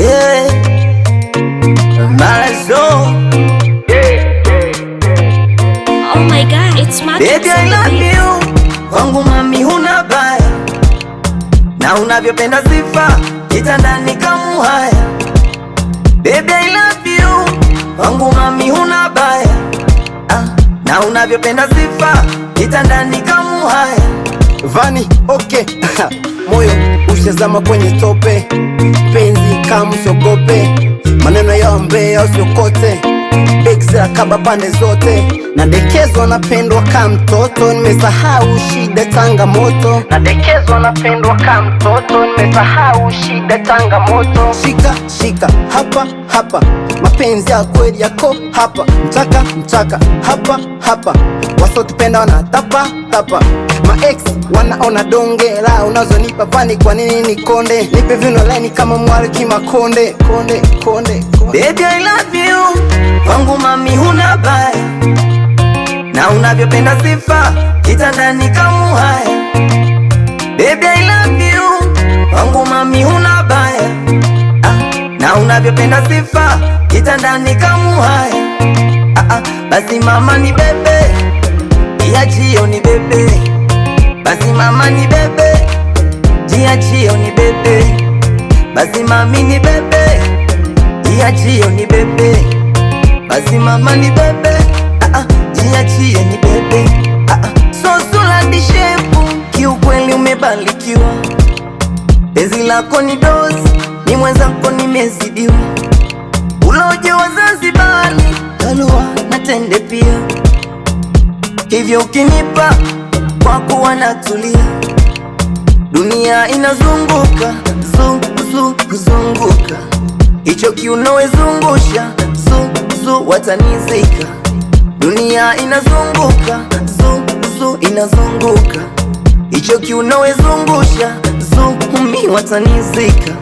yeah. Mazo oh wangu mami, huna baya na unavyopenda sifa kitandani kamuhaya. Baby, I love you wangu mami, huna baya ah, na unavyopenda sifa kitandani kamuhaya vani okay. moyo ushazama kwenye tope Pe Kamsiogope maneno ya mbea, usiokote sera kaba pande zote, nadekezwa napendwa ka mtoto, nimesahau shida tanga changamoto, nadekezwa napendwa ka mtoto, nimesahau shida tanga moto Shika shika hapa hapa, mapenzi ya kweli yako hapa, mtaka mtaka hapa hapa, wasotupenda wana tapa, tapa maex wanaona donge la unazonipa pani, kwa nini nikonde? Nipe vino laini kama mwari kimakonde konde konde, konde. Baby I love you kwangu mami, huna baya na unavyopenda sifa kitandani kamuhaya. Baby I love you, kwangu mami, huna baya ah, na unavyopenda sifa kitandani kamuhaya. Ah, ah, basi mama ni bebe jiachio ni bebe, basi mama ni bebe jiachio ni bebe, basi mami ni bebe jia jiachio ni bebe mama ni bebe ah, ah, jiachie ni bebe ah, ah so sura shepu, kiukweli umebalikiwa Penzi lako ni dozi, ni mwenzako nimezidiwa. Uloje wa Zanzibar, Karua na Tende pia, hivyo ukinipa kuwa wanatulia. Dunia inazunguka zunguzunguka, hicho kiunowezungusha zung zu watanizika, dunia inazunguka zu zu inazunguka, hicho kiuno wezungusha zu mi watanizika.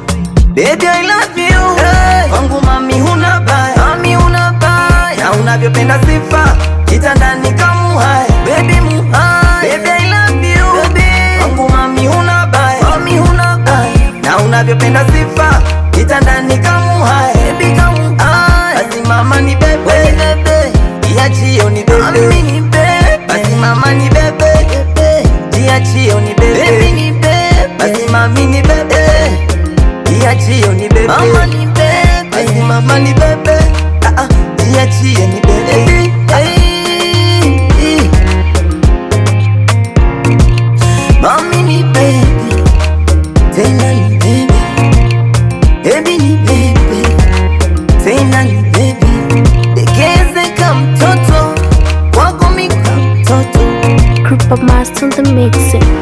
Baby I love you hey. Wangu mami huna baya, mami huna baya, na unavyopenda sifa kitandani kama hai baby muhaya baby I love you baby, wangu mami huna baya, mami huna baya, na unavyopenda sifa kitandani kama hai nibebe, jiachie unibebe, basi mama nibebe, jiachie unibebe, basi mami nibebe, jiachie unibebe, basi mama nibebe, jiachie ah, ah. protein. Group of mass in the mixing.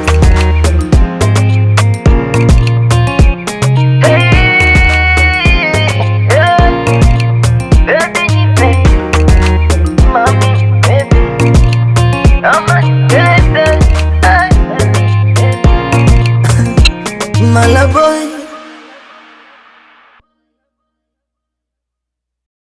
Malaboy